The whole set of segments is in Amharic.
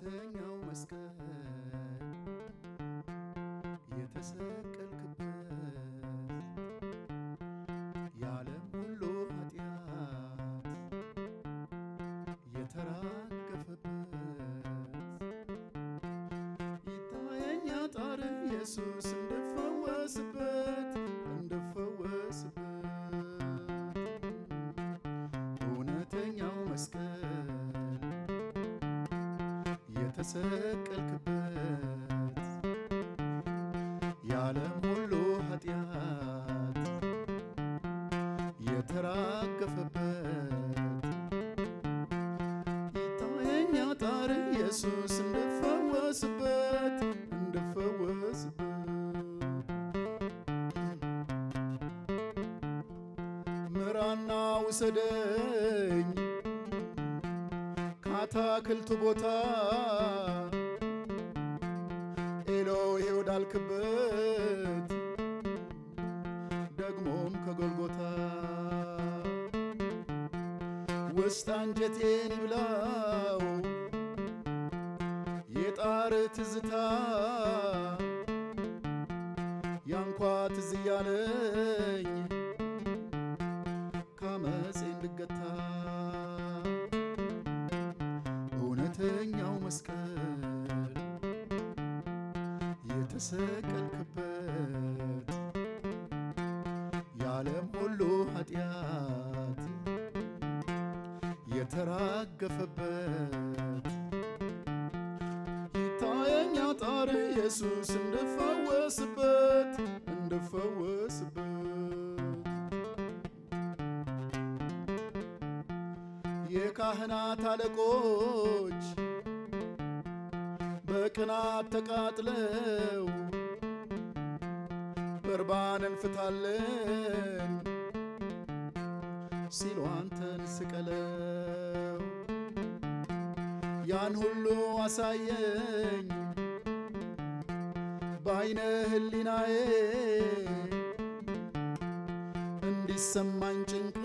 ሁለተኛው መስቀል የተሰቀልክበት የዓለም ሁሉ ኃጢአት የተራገፈበት ይታየኛ ጣር ኢየሱስ እንድፈወስበት es el ያልክበት ደግሞም ከጎልጎታ ውስጥ አንጀቴን ይብላ የተራገፈበት ይታየኛ ጣር ኢየሱስ እንድፈወስበት እንድፈወስበት የካህናት አለቆች በቅናት ተቃጥለው በርባን ፍታለን ሲሉ አንተን ስቀለን ሁሉ አሳየኝ በአይነ ህሊናዬ እንዲሰማኝ ጭንቅ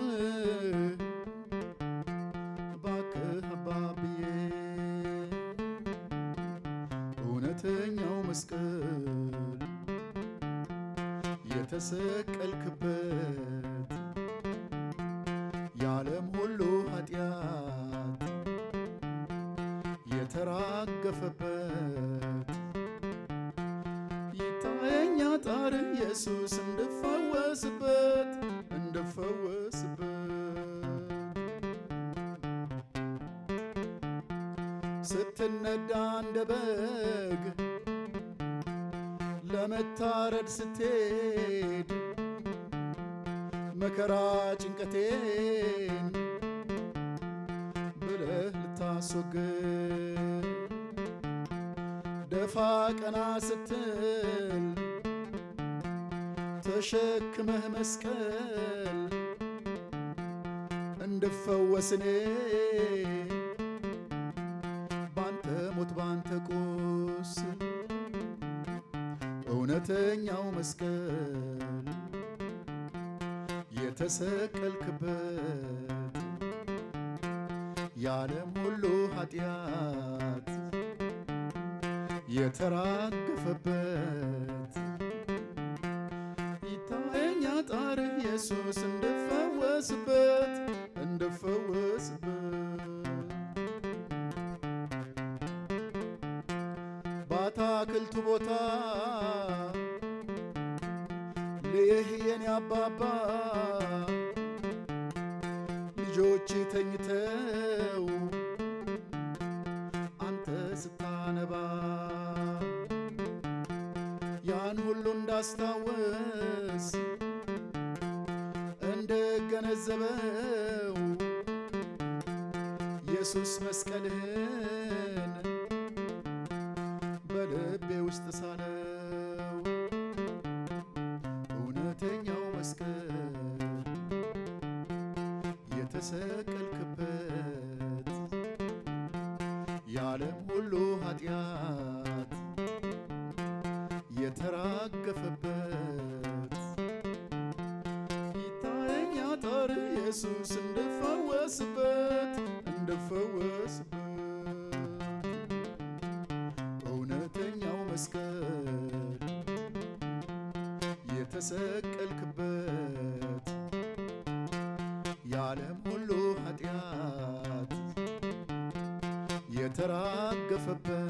ባክህ አባብዬ እውነተኛው መስቀል የተሰቀልክበት ስትነዳ እንደ በግ ለመታረድ ስትሄድ መከራ ጭንቀቴን ብለህ ልታስወግድ ደፋ ቀና ስትል ተሸክመህ መስቀል እንድፈወስኔ መስቀል የተሰቀልክበት የዓለም ሁሉ ኃጢአት የተራገፈበት ይታየኛ ጣር ኢየሱስ እንድፈወስበት እንድፈወስበት በአታክልቱ ቦታ አባባ ልጆች ተኝተው አንተ ስታነባ ያን ሁሉ እንዳስታወስ እንደገነዘበው ኢየሱስ መስቀልህን ስበት እውነተኛው መስቀል የተሰቀልክበት የዓለም ሁሉ ኃጢአት የተራገፈበት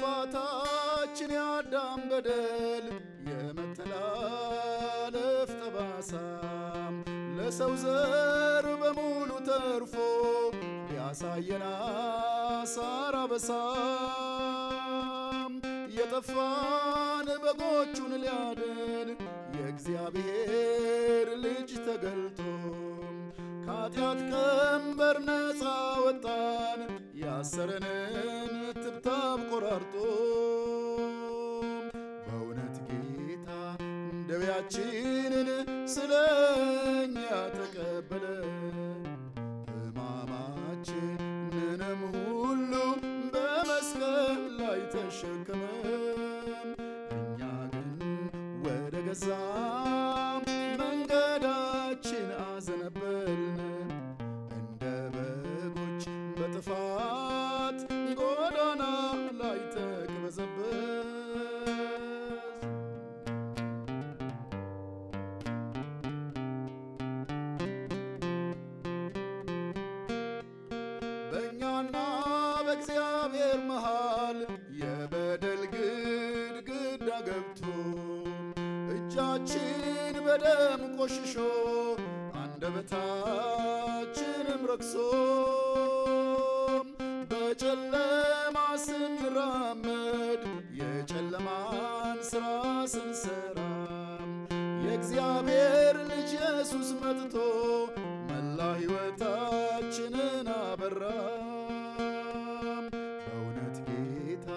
የአባታችን የአዳም በደል የመተላለፍ ጠባሳ ለሰው ዘር በሙሉ ተርፎ ቢያሳየን አሳር አበሳም የጠፋን በጎቹን ሊያድን የእግዚአብሔር ልጅ ተገልጦ ከኃጢአት ቀንበር ነፃ ወጣን ያሰረንን ትብታብ ቆራርጦ በእውነት ጌታ ደዌያችንን ስለኛ ተቀበለ። ሕማማችንንም ሁሉ በመስቀል ላይ ተሸከመ። እኛ ግን ወደ ገዛ መንገዳችን አዘነበልን። ስንሰራ የእግዚአብሔር ልጅ ኢየሱስ መጥቶ መላ ሕይወታችንን አበራ። በእውነት ጌታ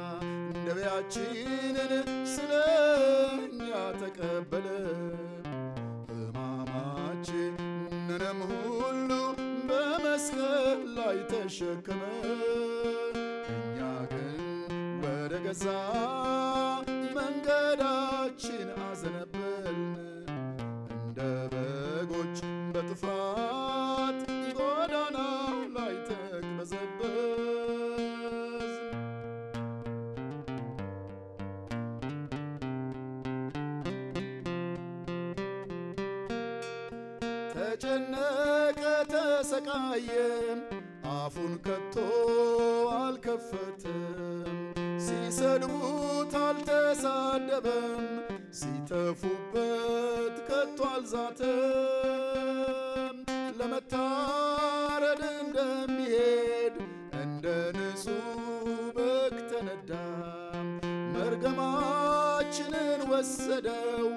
ደዌያችንን ስለኛ ተቀበለ። ሕማማችንንም ሁሉ በመስቀል ላይ ተሸከመ። እኛ ግን ወደ ገዛ ልባችን አዘነብን እንደ በጎች በጥፋት ጎዳና ላይ ተቅበዘበዝ ተጨነቀ ተሰቃየም አፉን ከቶ አልከፈትም ሲሰድቡት አልተሳደበም ሲተፉበት ከቶ አልዛተም ለመታረድ እንደሚሄድ እንደ ንጹሕ በግ ተነዳ። መርገማችንን ወሰደው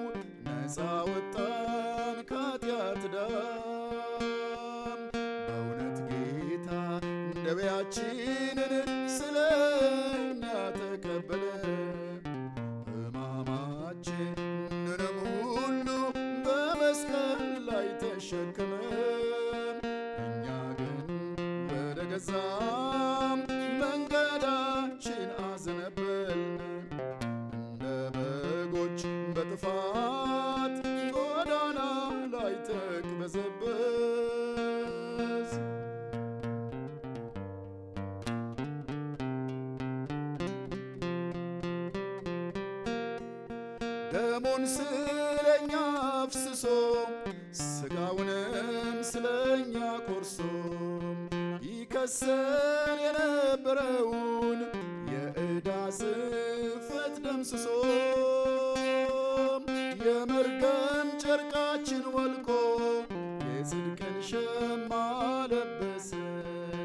ነፃ ወጣን ከኃጢአት ዳም በእውነት ጌታ ደዌያችንን አልገዛም። መንገዳችን አዘነበል እንደ በጎች በጥፋት ጎዳና ላይ ተቅበዘበዝ ደሙን ስለኛ አፍስሶ ስጋውንም ስለኛ ኮርሶ ሲያስር የነበረውን የዕዳ ስንፈት ደምስሶ የመርገም ጨርቃችን ወልቆ የጽድቅን ሸማ ለበሰን።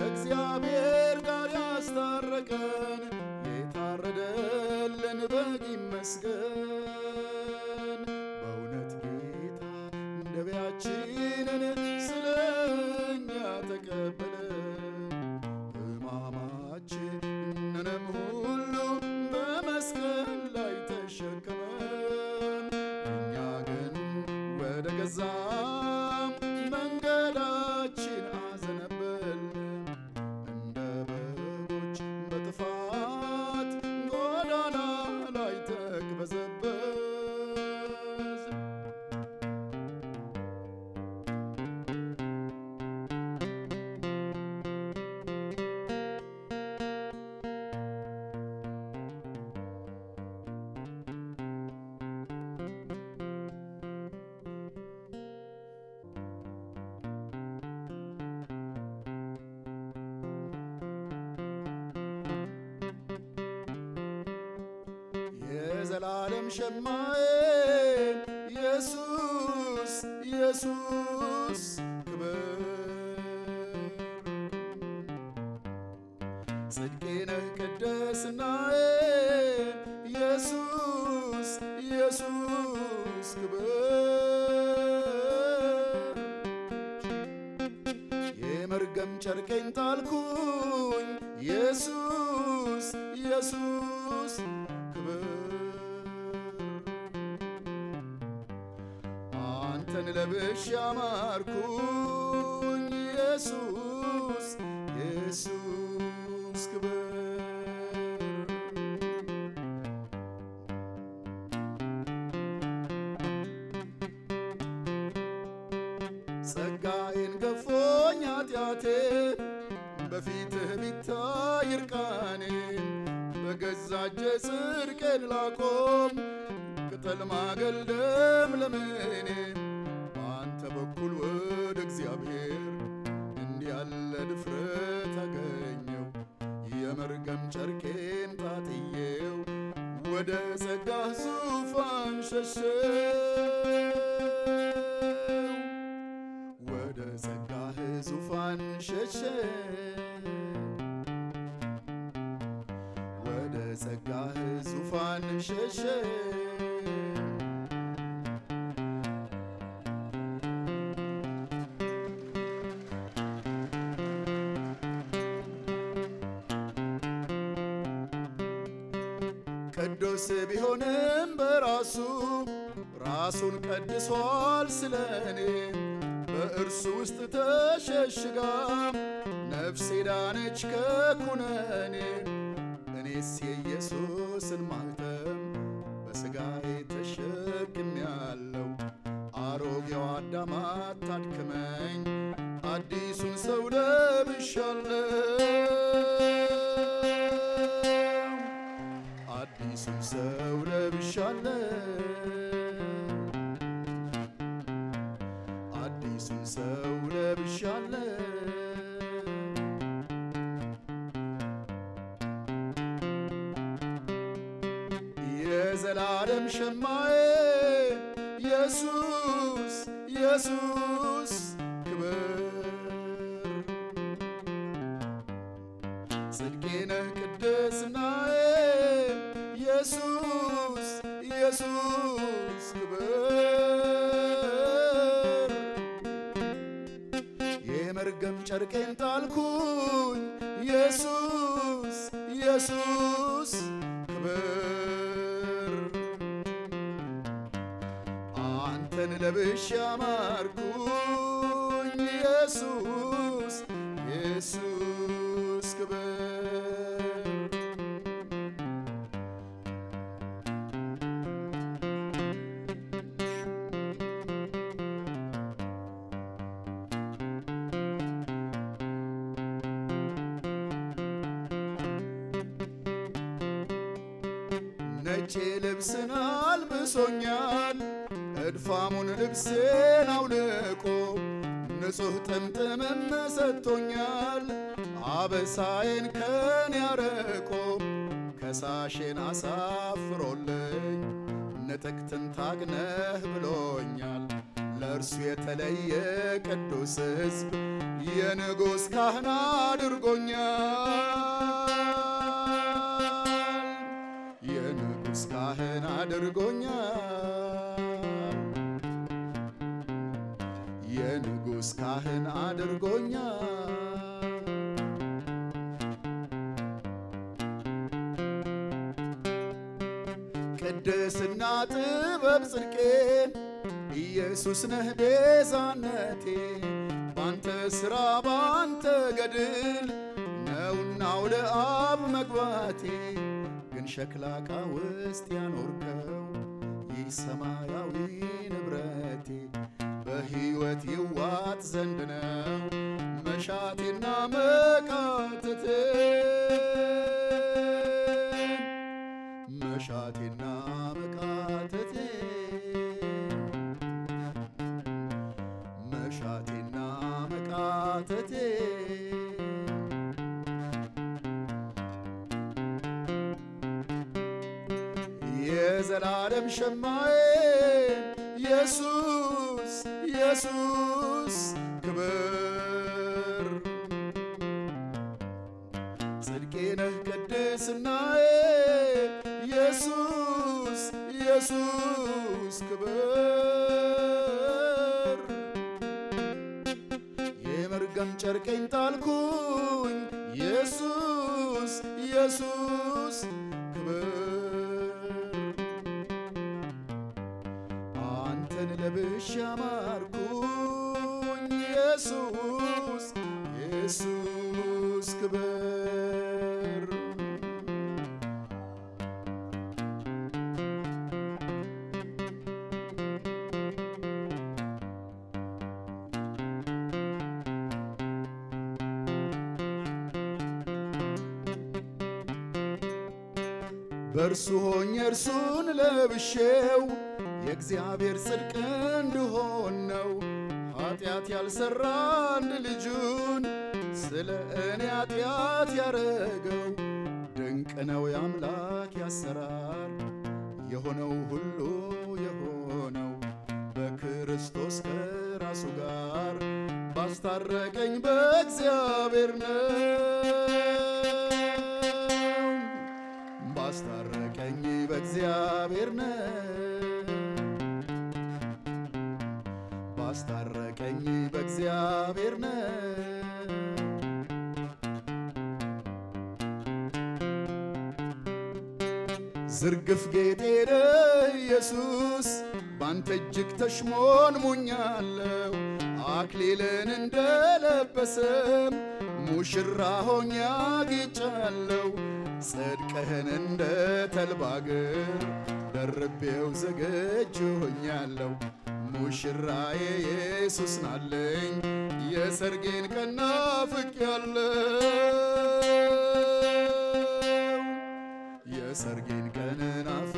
ከእግዚአብሔር ጋር ያስታረቀን የታረደልን በግ ይመስገን። የዘላለም ሸማዬ ኢየሱስ ኢየሱስ ክብር ጽድቄ ነህ ቅድስናዬ ኢየሱስ ኢየሱስ ክብር የመርገም ጨርቀኝ ጣልኩኝ ኢየሱስ ኢየሱስ ክብር ያማርኩኝ ኢየሱስ ኢየሱስ ያለ ድፍረት አገኘው የመርገም ጨርቄን ጣጥዬው ወደ ጸጋ ዙፋን ሸሸው ወደ ጸጋህ ዙፋን ሸሸው ወደ ጸጋህ ዙፋን ሸሸው ቢሆንም በራሱ ራሱን ቀድሷል ስለ እኔ በእርሱ ውስጥ ተሸሽጋ ነፍሴ ዳነች ከኩነኔ እኔስ የኢየሱስን ማኅተም በሥጋዬ ተሸክሜያለሁ አሮጌው አዳም አታድክመኝ አዲሱን ሰው ለብሻለሁ ሰው ለብሻለሁ አዲስን ሰው ለብሻለሁ የዘላለም ሸማዬ ኢየሱስ ኢየሱስ ከንቱ አልኩኝ ኢየሱስ ኢየሱስ ክብር አንተን ለብሼ አማርኩኝ ኢየሱስ ኢየሱስ ክብር ልብስን አልብሶኛል እድፋሙን ልብሴን አውልቆ ንጹሕ ጥምጥምም ሰጥቶኛል። አበሳዬን ከኔ ያርቆ ከሳሼን አሳፍሮልኝ ንጥቅ ትንታግ ነህ ብሎኛል። ለእርሱ የተለየ ቅዱስ ሕዝብ የንጉሥ ካህን አድርጎኛል። ካህን አድርጎኛል፣ የንጉሥ ካህን አድርጎኛል። ቅድስና ጥበብ ጽድቄ ኢየሱስ ነህ ቤዛነቴ ባንተ ሥራ ባንተ ገድል ነውና ወደ አብ መግባቴ ግን ሸክላ ዕቃ ውስጥ ያኖርከው ይህ ሰማያዊ ንብረቴ በሕይወት ይዋጥ ዘንድ ነው መሻቴና መቃተቴ መሻቴና ሸማዬ ኢየሱስ ኢየሱስ ክብር ጽድቄ ነህ ቅድስናዬ ኢየሱስ ኢየሱስ ክብር የመርገም ጨርቀኝ ጣልኩኝ ኢየሱስ ኢየሱስ ክብር በእርሱ ሆኜ እርሱን ለብሼው የእግዚአብሔር ጽድቅ እንድሆን ነው። ኃጢአት ያልሠራ አንድ ልጁን ስለ እኔ ኃጢአት ያረገው ድንቅ ነው የአምላክ ያሰራር የሆነው ሁሉ ያስታረቀኝ በእግዚአብሔር ነው ባስታረቀኝ በእግዚአብሔር ነው ዝርግፍ ጌጤ ኢየሱስ ባንተ እጅግ ተሽሞንሙኛለሁ አክሊልን እንደለበሰም ሙሽራ ሆኜ አግኝቻለሁ ጽድቅህን እንደ ተልባግር ደርቤው ዝግጁ ሆኛለሁ። ሙሽራዬ ኢየሱስ ናለኝ የሰርጌን ቀን ናፍቄያለሁ የሰርጌን ቀን ናፍ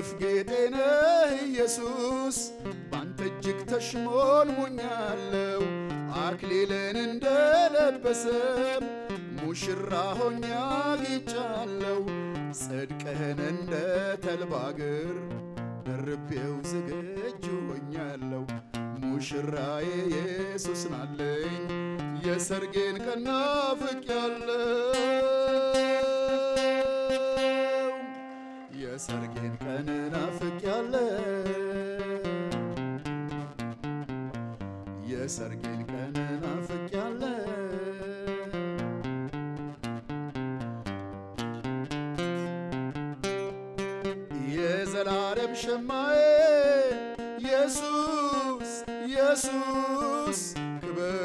ደግፍ ጌጤነ ኢየሱስ ባንተ እጅግ ተሽሞልሙኛለሁ አክሊልን እንደለበሰም ሙሽራ ሆኛ አግኝቻለሁ። ጽድቅህን እንደ ተልባ እግር ደርቤው ዝግጁ ሆኛለሁ። ሙሽራዬ ኢየሱስ ናለኝ የሰርጌን ቀን ናፍቄያለሁ። የሰርጌን ቀን ናፍቄያለሁ የሰርጌን ቀን ናፍቄያለሁ የዘላለም ሸማዬ ኢየሱስ ኢየሱስ ክብር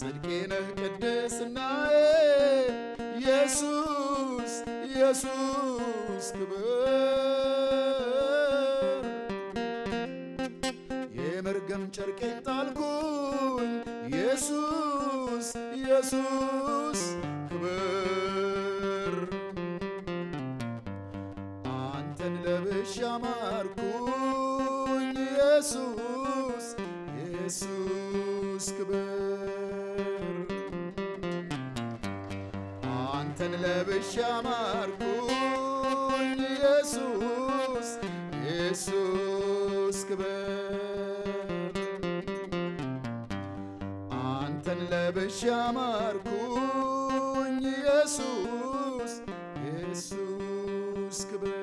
ጽድቄን ኢየሱስ ክብር ኢየሱስ ክበር አንተን ለብሼ አማርኩኝ ኢየሱስ ኢየሱስ ክበር